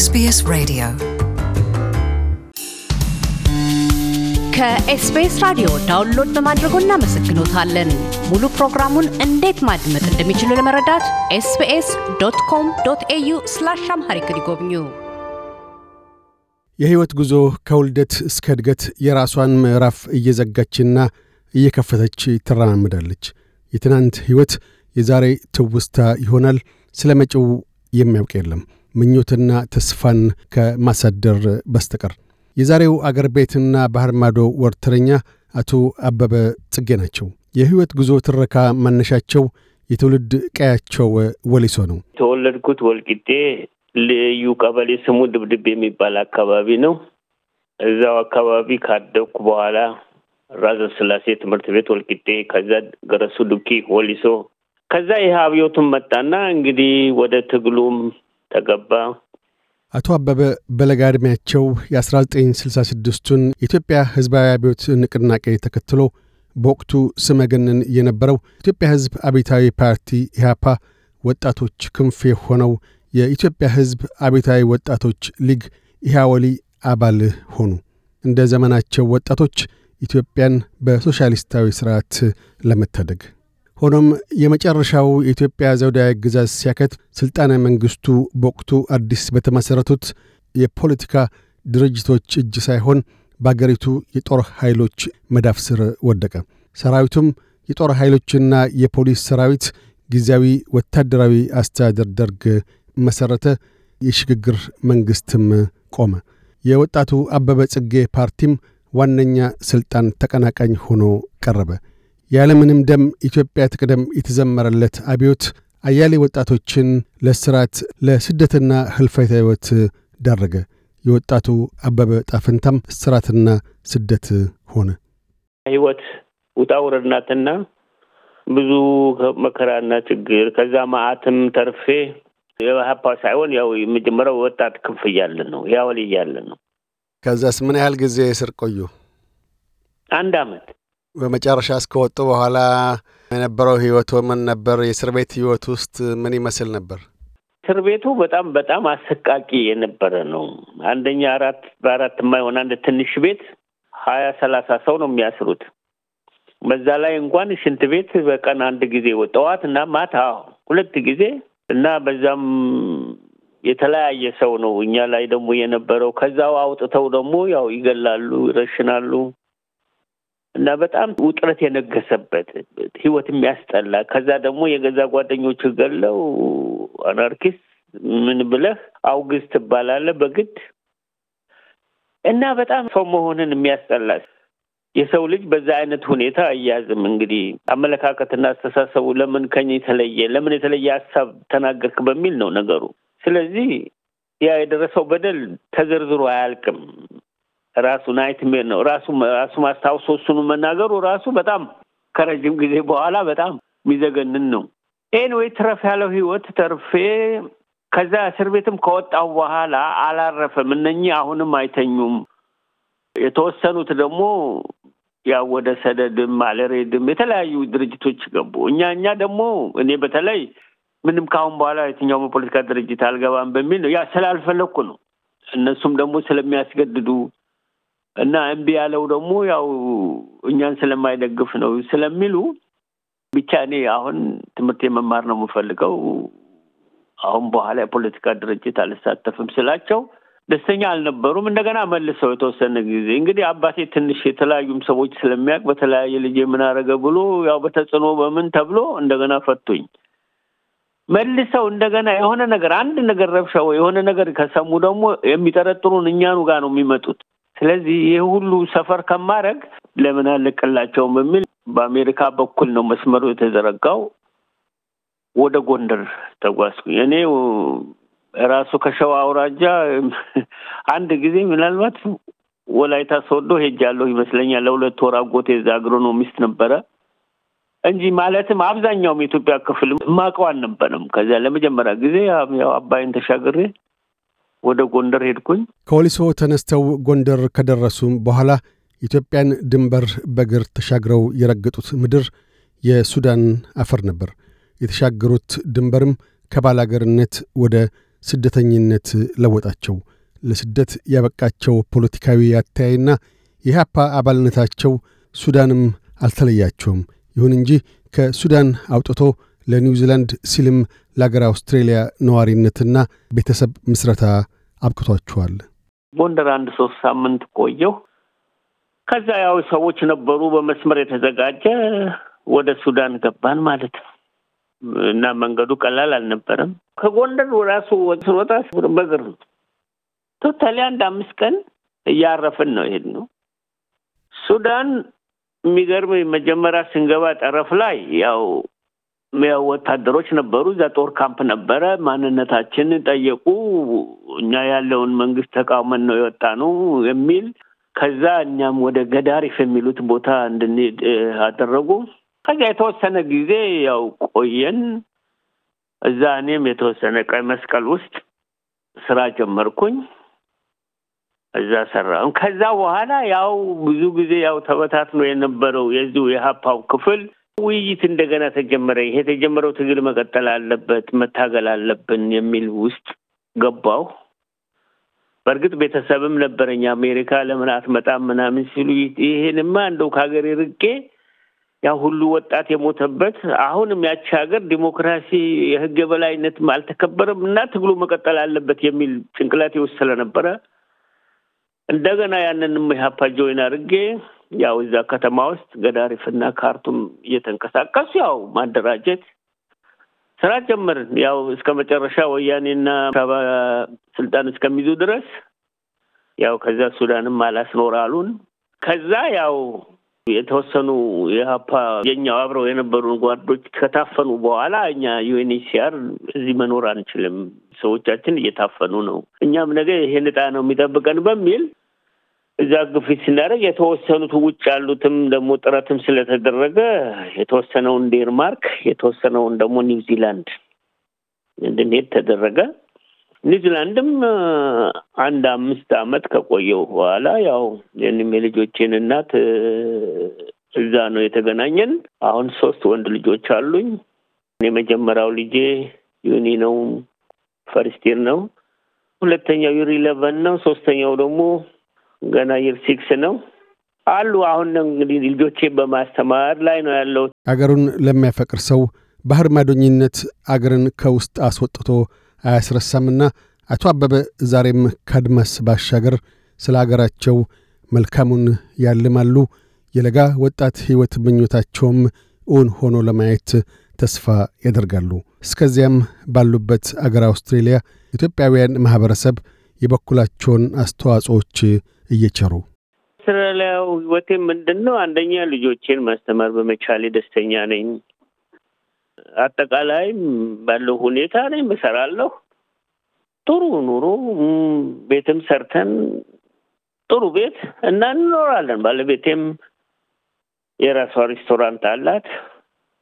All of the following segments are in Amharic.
ኤስቢኤስ ሬዲዮ ከኤስቢኤስ ራዲዮ ዳውንሎድ በማድረጎ እናመሰግኖታለን። ሙሉ ፕሮግራሙን እንዴት ማድመጥ እንደሚችሉ ለመረዳት ኤስቢኤስ ዶት ኮም ዶት ኤዩ ስላሽ አምሃሪክ ይጎብኙ። የሕይወት ጉዞ ከውልደት እስከ እድገት የራሷን ምዕራፍ እየዘጋችና እየከፈተች ትራማምዳለች። የትናንት ሕይወት የዛሬ ትውስታ ይሆናል። ስለ መጪው የሚያውቅ የለም። ምኞትና ተስፋን ከማሳደር በስተቀር። የዛሬው አገር ቤትና ባህር ማዶ ወርትረኛ አቶ አበበ ጽጌ ናቸው። የህይወት ጉዞ ትረካ መነሻቸው የትውልድ ቀያቸው ወሊሶ ነው። የተወለድኩት ወልቂጤ ልዩ ቀበሌ ስሙ ድብድብ የሚባል አካባቢ ነው። እዛው አካባቢ ካደኩ በኋላ ራዘ ስላሴ ትምህርት ቤት ወልቂጤ፣ ከዛ ገረሱ ዱኪ ወሊሶ፣ ከዛ ይህ መጣና እንግዲህ ወደ ትግሉም ተገባ አቶ አበበ በለጋ ዕድሜያቸው የ1966ቱን የኢትዮጵያ ሕዝባዊ አብዮት ንቅናቄ ተከትሎ በወቅቱ ስመገንን የነበረው ኢትዮጵያ ሕዝብ አብዮታዊ ፓርቲ ኢህአፓ ወጣቶች ክንፍ የሆነው የኢትዮጵያ ሕዝብ አብዮታዊ ወጣቶች ሊግ ኢህአወሊ አባል ሆኑ። እንደ ዘመናቸው ወጣቶች ኢትዮጵያን በሶሻሊስታዊ ሥርዓት ለመታደግ ሆኖም የመጨረሻው የኢትዮጵያ ዘውዳዊ ግዛት ሲያከት ሥልጣነ መንግሥቱ በወቅቱ አዲስ በተመሠረቱት የፖለቲካ ድርጅቶች እጅ ሳይሆን በአገሪቱ የጦር ኃይሎች መዳፍ ስር ወደቀ። ሰራዊቱም የጦር ኃይሎችና የፖሊስ ሰራዊት ጊዜያዊ ወታደራዊ አስተዳደር ደርግ መሠረተ። የሽግግር መንግሥትም ቆመ። የወጣቱ አበበ ጽጌ ፓርቲም ዋነኛ ሥልጣን ተቀናቃኝ ሆኖ ቀረበ። ያለምንም ደም ኢትዮጵያ ትቅደም የተዘመረለት አብዮት አያሌ ወጣቶችን ለስራት ለስደትና ህልፈተ ሕይወት ዳረገ። የወጣቱ አበበ ጣፍንታም ስራትና ስደት ሆነ። ህይወት ውጣ ውረድናትና ብዙ መከራና ችግር ከዛ ማአትም ተርፌ የሀፓ ሳይሆን ያው የመጀመሪያው ወጣት ክንፍ እያለን ነው ያወል እያለን ነው። ከዛስ ምን ያህል ጊዜ ስር ቆዩ? አንድ አመት በመጨረሻ እስከወጡ በኋላ የነበረው ህይወቱ ምን ነበር? የእስር ቤት ህይወት ውስጥ ምን ይመስል ነበር? እስር ቤቱ በጣም በጣም አሰቃቂ የነበረ ነው። አንደኛ አራት በአራት የማይሆን አንድ ትንሽ ቤት ሀያ ሰላሳ ሰው ነው የሚያስሩት። በዛ ላይ እንኳን ሽንት ቤት በቀን አንድ ጊዜ ጠዋት እና ማታ ሁለት ጊዜ እና በዛም የተለያየ ሰው ነው እኛ ላይ ደግሞ የነበረው። ከዛው አውጥተው ደግሞ ያው ይገላሉ፣ ይረሽናሉ እና በጣም ውጥረት የነገሰበት ህይወት የሚያስጠላ ከዛ ደግሞ የገዛ ጓደኞች ገለው አናርኪስት ምን ብለህ አውግዝ ትባላለ በግድ እና በጣም ሰው መሆንን የሚያስጠላ የሰው ልጅ በዛ አይነት ሁኔታ አያዝም እንግዲህ አመለካከትና አስተሳሰቡ ለምን ከኝ የተለየ ለምን የተለየ ሀሳብ ተናገርክ በሚል ነው ነገሩ። ስለዚህ ያ የደረሰው በደል ተዘርዝሮ አያልቅም። ራሱ ናይትሜር ነው ራሱ ራሱ ማስታውሶ እሱኑ መናገሩ ራሱ በጣም ከረጅም ጊዜ በኋላ በጣም የሚዘገንን ነው። ይህን ትረፍ ያለው ህይወት ተርፌ ከዛ እስር ቤትም ከወጣው በኋላ አላረፈም። እነኚህ አሁንም አይተኙም። የተወሰኑት ደግሞ ያው ወደ ሰደድም አለሬድም የተለያዩ ድርጅቶች ገቡ። እኛ እኛ ደግሞ እኔ በተለይ ምንም ከአሁን በኋላ የትኛውም ፖለቲካ ድርጅት አልገባም በሚል ነው ያ ስላልፈለግኩ ነው። እነሱም ደግሞ ስለሚያስገድዱ እና እምቢ ያለው ደግሞ ያው እኛን ስለማይደግፍ ነው ስለሚሉ ብቻ እኔ አሁን ትምህርት የመማር ነው የምፈልገው አሁን በኋላ የፖለቲካ ድርጅት አልሳተፍም ስላቸው ደስተኛ አልነበሩም። እንደገና መልሰው የተወሰነ ጊዜ እንግዲህ አባቴ ትንሽ የተለያዩም ሰዎች ስለሚያውቅ በተለያየ ልጅ ምን ብሎ ያው በተጽዕኖ በምን ተብሎ እንደገና ፈቱኝ። መልሰው እንደገና የሆነ ነገር አንድ ነገር ረብሻ ወይ የሆነ ነገር ከሰሙ ደግሞ የሚጠረጥሩን እኛኑ ጋር ነው የሚመጡት። ስለዚህ ይህ ሁሉ ሰፈር ከማድረግ ለምን አልቅላቸውም የሚል በአሜሪካ በኩል ነው መስመሩ የተዘረጋው። ወደ ጎንደር ተጓዝኩ። እኔ ራሱ ከሸዋ አውራጃ አንድ ጊዜ ምናልባት ወላይታ ሄጅ ያለሁ ይመስለኛል። ለሁለት ወር አጎቴ እዛ አግሮኖሚስት ነበረ እንጂ ማለትም አብዛኛውም የኢትዮጵያ ክፍል ማቀው አልነበረም። ከዚያ ለመጀመሪያ ጊዜ ያው አባይን ተሻግሬ ወደ ጎንደር ሄድኩኝ። ከወሊሶ ተነስተው ጎንደር ከደረሱም በኋላ ኢትዮጵያን ድንበር በእግር ተሻግረው የረገጡት ምድር የሱዳን አፈር ነበር። የተሻገሩት ድንበርም ከባላገርነት ወደ ስደተኝነት ለወጣቸው። ለስደት ያበቃቸው ፖለቲካዊ አተያይና የኢህአፓ አባልነታቸው ሱዳንም አልተለያቸውም። ይሁን እንጂ ከሱዳን አውጥቶ ለኒውዚላንድ ሲልም ለአገር አውስትሬልያ ነዋሪነትና ቤተሰብ ምስረታ አብቅቷችኋል። ጎንደር አንድ ሶስት ሳምንት ቆየሁ። ከዛ ያው ሰዎች ነበሩ በመስመር የተዘጋጀ ወደ ሱዳን ገባን ማለት ነው እና መንገዱ ቀላል አልነበረም። ከጎንደር ራሱ ስሮጣ በእግር ቶታሊ አንድ አምስት ቀን እያረፍን ነው ይሄድ ነው። ሱዳን የሚገርም መጀመሪያ ስንገባ ጠረፍ ላይ ያው ወታደሮች ነበሩ። እዛ ጦር ካምፕ ነበረ። ማንነታችን ጠየቁ። እኛ ያለውን መንግስት ተቃውመን ነው የወጣ ነው የሚል ከዛ እኛም ወደ ገዳሪፍ የሚሉት ቦታ እንድንሄድ አደረጉ። ከዚያ የተወሰነ ጊዜ ያው ቆየን። እዛ እኔም የተወሰነ ቀይ መስቀል ውስጥ ስራ ጀመርኩኝ። እዛ ሰራ። ከዛ በኋላ ያው ብዙ ጊዜ ያው ተበታትኖ የነበረው የዚሁ የሀፓው ክፍል ውይይት እንደገና ተጀመረ። ይሄ የተጀመረው ትግል መቀጠል አለበት፣ መታገል አለብን የሚል ውስጥ ገባሁ። በእርግጥ ቤተሰብም ነበረኝ። አሜሪካ ለምን አትመጣም ምናምን ሲሉ ይሄንማ እንደው ከሀገር ርቄ ያ ሁሉ ወጣት የሞተበት አሁንም ያቺ ሀገር ዲሞክራሲ፣ የህግ የበላይነት አልተከበረም እና ትግሉ መቀጠል አለበት የሚል ጭንቅላት ውስጥ ስለነበረ እንደገና ያንንም ኢህአፓ ጆይን አድርጌ ያው እዛ ከተማ ውስጥ ገዳሪፍና ካርቱም እየተንቀሳቀሱ ያው ማደራጀት ስራ ጀመርን። ያው እስከ መጨረሻ ወያኔና ሳባ ስልጣን እስከሚይዙ ድረስ ያው ከዛ ሱዳንም አላስኖር አሉን። ከዛ ያው የተወሰኑ የሀፓ የኛው አብረው የነበሩን ጓዶች ከታፈኑ በኋላ እኛ ዩኤንኤችሲአር እዚህ መኖር አንችልም፣ ሰዎቻችን እየታፈኑ ነው፣ እኛም ነገ ይሄን ንጣ ነው የሚጠብቀን በሚል እዛ ግፊት ስናደርግ የተወሰኑት ውጭ ያሉትም ደግሞ ጥረትም ስለተደረገ የተወሰነውን ዴንማርክ የተወሰነውን ደግሞ ኒውዚላንድ እንድንሄድ ተደረገ። ኒውዚላንድም አንድ አምስት አመት ከቆየው በኋላ ያው የእኔም የልጆቼን እናት እዛ ነው የተገናኘን። አሁን ሶስት ወንድ ልጆች አሉኝ። የመጀመሪያው ልጄ ዩኒ ነው፣ ፈርስቲር ነው። ሁለተኛው ዩሪ ለቨን ነው። ሶስተኛው ደግሞ ገና ይር ሲክስ ነው አሉ። አሁን እንግዲህ ልጆቼ በማስተማር ላይ ነው ያለው። አገሩን ለሚያፈቅር ሰው ባህር ማዶኝነት አገርን ከውስጥ አስወጥቶ አያስረሳምና አቶ አበበ ዛሬም ካድማስ ባሻገር ስለ አገራቸው መልካሙን ያልማሉ። የለጋ ወጣት ሕይወት ምኞታቸውም እውን ሆኖ ለማየት ተስፋ ያደርጋሉ። እስከዚያም ባሉበት አገር አውስትሬልያ ኢትዮጵያውያን ማኅበረሰብ የበኩላቸውን አስተዋጽኦች እየቸሩ? ስራ ህይወቴ ምንድን ነው? አንደኛ ልጆቼን ማስተማር በመቻሌ ደስተኛ ነኝ። አጠቃላይ ባለው ሁኔታ ነኝ። በሰራለሁ ጥሩ ኑሮ ቤትም ሰርተን ጥሩ ቤት እና እንኖራለን። ባለቤቴም የራሷ ሬስቶራንት አላት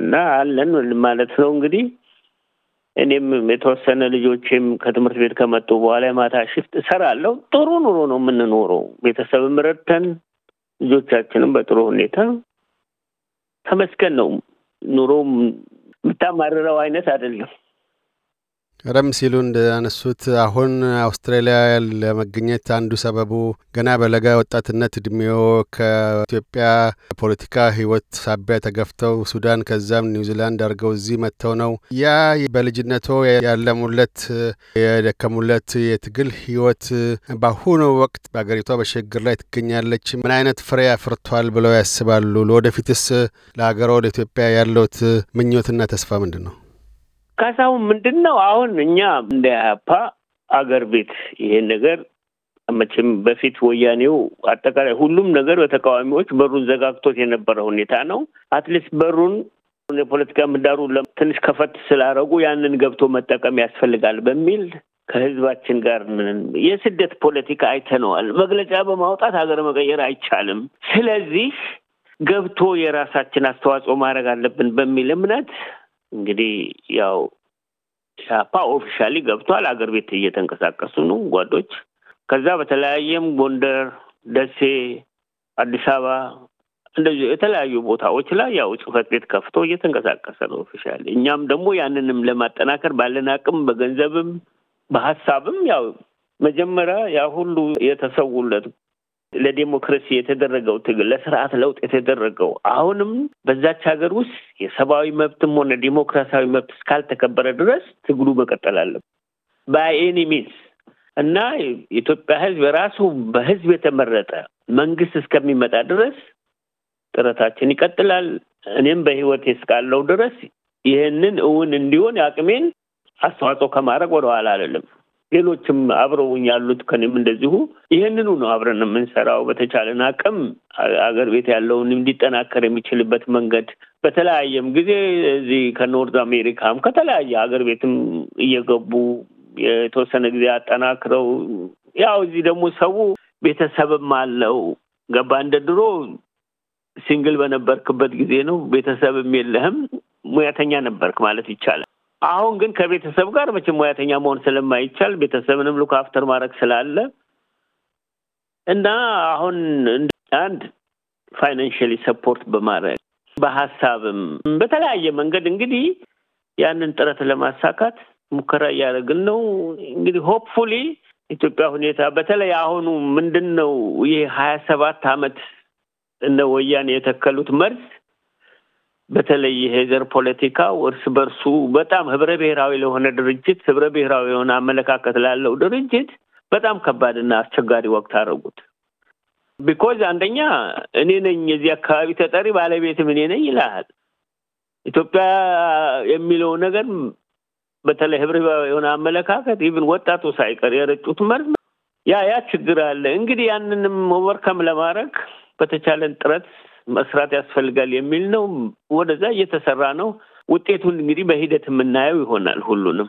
እና አለን ማለት ነው እንግዲህ እኔም የተወሰነ ልጆችም ከትምህርት ቤት ከመጡ በኋላ የማታ ሽፍት እሰራለሁ። ጥሩ ኑሮ ነው የምንኖረው። ቤተሰብም ረድተን ልጆቻችንም በጥሩ ሁኔታ ተመስገን ነው። ኑሮ የምታማርረው አይነት አይደለም። ቀደም ሲሉ እንዳነሱት አሁን አውስትራሊያ ለመገኘት አንዱ ሰበቡ ገና በለጋ ወጣትነት እድሜዎ ከኢትዮጵያ ፖለቲካ ሕይወት ሳቢያ ተገፍተው ሱዳን ከዛም ኒውዚላንድ አድርገው እዚህ መጥተው ነው። ያ በልጅነቶ ያለሙለት የደከሙለት የትግል ሕይወት በአሁኑ ወቅት በሀገሪቷ በሽግግር ላይ ትገኛለች። ምን አይነት ፍሬ አፍርቷል ብለው ያስባሉ? ለወደፊትስ ለሀገሮ ለኢትዮጵያ ያለውት ምኞትና ተስፋ ምንድን ነው? ካሳሁን ምንድን ነው አሁን እኛ እንደ አፓ አገር ቤት ይሄን ነገር መቼም በፊት ወያኔው አጠቃላይ ሁሉም ነገር በተቃዋሚዎች በሩን ዘጋግቶት የነበረ ሁኔታ ነው። አትሊስት በሩን የፖለቲካ ምህዳሩ ትንሽ ከፈት ስላደረጉ ያንን ገብቶ መጠቀም ያስፈልጋል በሚል ከህዝባችን ጋር የስደት ፖለቲካ አይተነዋል። መግለጫ በማውጣት ሀገር መቀየር አይቻልም። ስለዚህ ገብቶ የራሳችን አስተዋጽኦ ማድረግ አለብን በሚል እምነት እንግዲህ ያው ሻፓ ኦፊሻሊ ገብቷል። አገር ቤት እየተንቀሳቀሱ ነው ጓዶች። ከዛ በተለያየም ጎንደር፣ ደሴ፣ አዲስ አበባ እንደዚህ የተለያዩ ቦታዎች ላይ ያው ጽህፈት ቤት ከፍቶ እየተንቀሳቀሰ ነው ኦፊሻሊ። እኛም ደግሞ ያንንም ለማጠናከር ባለን አቅም በገንዘብም በሀሳብም ያው መጀመሪያ ያ ሁሉ የተሰውለት ለዴሞክራሲ የተደረገው ትግል፣ ለስርዓት ለውጥ የተደረገው አሁንም በዛች ሀገር ውስጥ የሰብአዊ መብትም ሆነ ዲሞክራሲያዊ መብት እስካልተከበረ ድረስ ትግሉ መቀጠል አለበት ባይ ኤኒ ሚንስ እና የኢትዮጵያ ህዝብ ራሱ በህዝብ የተመረጠ መንግስት እስከሚመጣ ድረስ ጥረታችን ይቀጥላል። እኔም በህይወት እስካለው ድረስ ይህንን እውን እንዲሆን አቅሜን አስተዋጽኦ ከማድረግ ወደኋላ አይደለም። ሌሎችም አብረውኝ ያሉት ከኔም እንደዚሁ ይህንኑ ነው አብረን የምንሰራው። በተቻለን አቅም አገር ቤት ያለውን እንዲጠናከር የሚችልበት መንገድ በተለያየም ጊዜ እዚህ ከኖርዝ አሜሪካም ከተለያየ አገር ቤትም እየገቡ የተወሰነ ጊዜ አጠናክረው ያው እዚህ ደግሞ ሰው ቤተሰብም አለው ገባ እንደ ድሮ ሲንግል በነበርክበት ጊዜ ነው ቤተሰብም የለህም ሙያተኛ ነበርክ ማለት ይቻላል። አሁን ግን ከቤተሰብ ጋር መቼም ሙያተኛ መሆን ስለማይቻል ቤተሰብንም ሉክ አፍተር ማድረግ ስላለ እና አሁን አንድ ፋይናንሽሊ ሰፖርት በማድረግ በሀሳብም በተለያየ መንገድ እንግዲህ ያንን ጥረት ለማሳካት ሙከራ እያደረግን ነው። እንግዲህ ሆፕፉሊ ኢትዮጵያ ሁኔታ በተለይ አሁኑ ምንድን ነው ይህ ሀያ ሰባት አመት እነ ወያኔ የተከሉት መርዝ በተለይ የሀገር ፖለቲካው እርስ በርሱ በጣም ህብረ ብሔራዊ ለሆነ ድርጅት ህብረ ብሔራዊ የሆነ አመለካከት ላለው ድርጅት በጣም ከባድና አስቸጋሪ ወቅት አደረጉት። ቢኮዝ አንደኛ እኔ ነኝ የዚህ አካባቢ ተጠሪ ባለቤትም እኔ ነኝ ይልሃል። ኢትዮጵያ የሚለው ነገር በተለይ ህብረ ብሔራዊ የሆነ አመለካከት ኢቭን ወጣቱ ሳይቀር የረጩት መርዝ ያ ያ ችግር አለ። እንግዲህ ያንንም ኦቨርካም ለማድረግ በተቻለን ጥረት መስራት ያስፈልጋል የሚል ነው። ወደዛ እየተሰራ ነው። ውጤቱን እንግዲህ በሂደት የምናየው ይሆናል ሁሉንም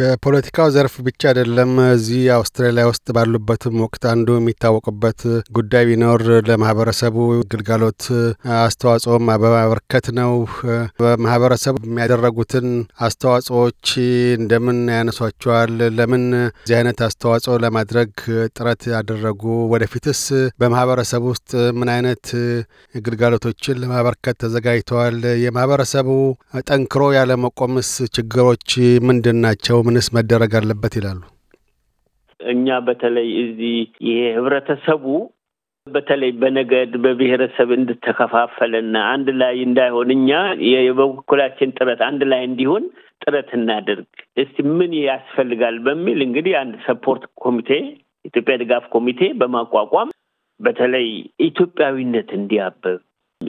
በፖለቲካው ዘርፍ ብቻ አይደለም። እዚህ አውስትራሊያ ውስጥ ባሉበትም ወቅት አንዱ የሚታወቅበት ጉዳይ ቢኖር ለማህበረሰቡ ግልጋሎት አስተዋጽኦም በማበርከት ነው። በማህበረሰቡ የሚያደረጉትን አስተዋጽኦዎች እንደምን ያነሷቸዋል? ለምን እዚህ አይነት አስተዋጽኦ ለማድረግ ጥረት ያደረጉ? ወደፊትስ በማህበረሰቡ ውስጥ ምን አይነት ግልጋሎቶችን ለማበርከት ተዘጋጅተዋል? የማህበረሰቡ ጠንክሮ ያለመቆምስ ችግሮች ምንድን ናቸው? ጉዳዩ ምንስ መደረግ አለበት ይላሉ? እኛ በተለይ እዚህ የህብረተሰቡ በተለይ በነገድ በብሔረሰብ እንድተከፋፈለና አንድ ላይ እንዳይሆን እኛ የበኩላችን ጥረት አንድ ላይ እንዲሆን ጥረት እናደርግ። እስቲ ምን ያስፈልጋል በሚል እንግዲህ አንድ ሰፖርት ኮሚቴ ኢትዮጵያ ድጋፍ ኮሚቴ በማቋቋም በተለይ ኢትዮጵያዊነት እንዲያበብ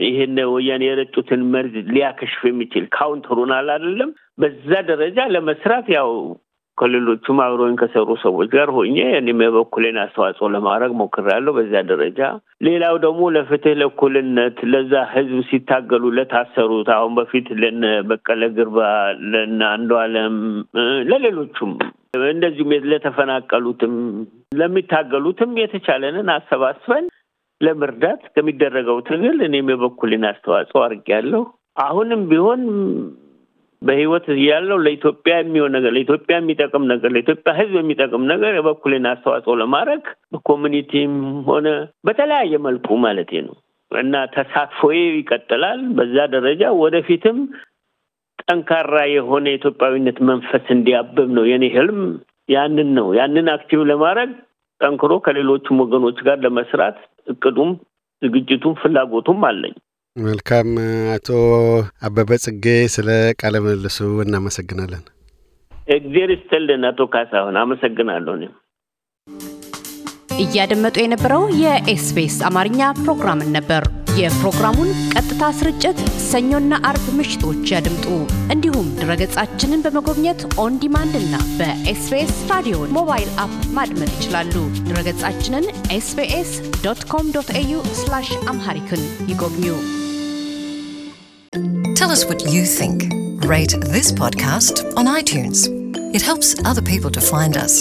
ይህን ወያኔ የረጩትን መርዝ ሊያከሽፍ የሚችል ካውንተሩናል አይደለም። በዛ ደረጃ ለመስራት ያው ከሌሎቹም አብረውኝ ከሰሩ ሰዎች ጋር ሆኜ እኔም የበኩሌን አስተዋጽኦ ለማድረግ ሞክሬያለሁ። በዛ ደረጃ ሌላው ደግሞ ለፍትህ፣ ለእኩልነት ለዛ ህዝብ ሲታገሉ ለታሰሩት አሁን በፊት ለነ በቀለ ግርባ፣ ለነ አለም ለሌሎቹም እንደዚሁም ለተፈናቀሉትም ለሚታገሉትም የተቻለንን አሰባስበን ለመርዳት ከሚደረገው ትግል እኔም የበኩሌን አስተዋጽኦ አድርጌያለሁ። አሁንም ቢሆን በህይወት ያለው ለኢትዮጵያ የሚሆን ነገር ለኢትዮጵያ የሚጠቅም ነገር ለኢትዮጵያ ሕዝብ የሚጠቅም ነገር የበኩሌን አስተዋጽኦ ለማድረግ በኮሚኒቲም ሆነ በተለያየ መልኩ ማለት ነው እና ተሳትፎዬ ይቀጥላል። በዛ ደረጃ ወደፊትም ጠንካራ የሆነ የኢትዮጵያዊነት መንፈስ እንዲያብብ ነው የኔ ህልም። ያንን ነው ያንን አክቲቭ ለማድረግ ጠንክሮ ከሌሎቹም ወገኖች ጋር ለመስራት እቅዱም ዝግጅቱም ፍላጎቱም አለኝ። መልካም አቶ አበበ ጽጌ ስለ ቃለ ምልልሱ እናመሰግናለን። እግዜር ይስጥልን አቶ ካሳሁን አመሰግናለሁ። እኔም እያደመጡ የነበረው የኤስቢኤስ አማርኛ ፕሮግራምን ነበር። የፕሮግራሙን ቀጥታ ስርጭት ሰኞና አርብ ምሽቶች ያድምጡ። እንዲሁም ድረገጻችንን በመጎብኘት ኦን ዲማንድ እና በኤስቢኤስ ራዲዮ ሞባይል አፕ ማድመጥ ይችላሉ። ድረገጻችንን ኤስቢኤስ ዶት ኮም ዶት ኤዩ አምሃሪክን ይጎብኙ። Tell us what you think. Rate this podcast on iTunes. It helps other people to find us.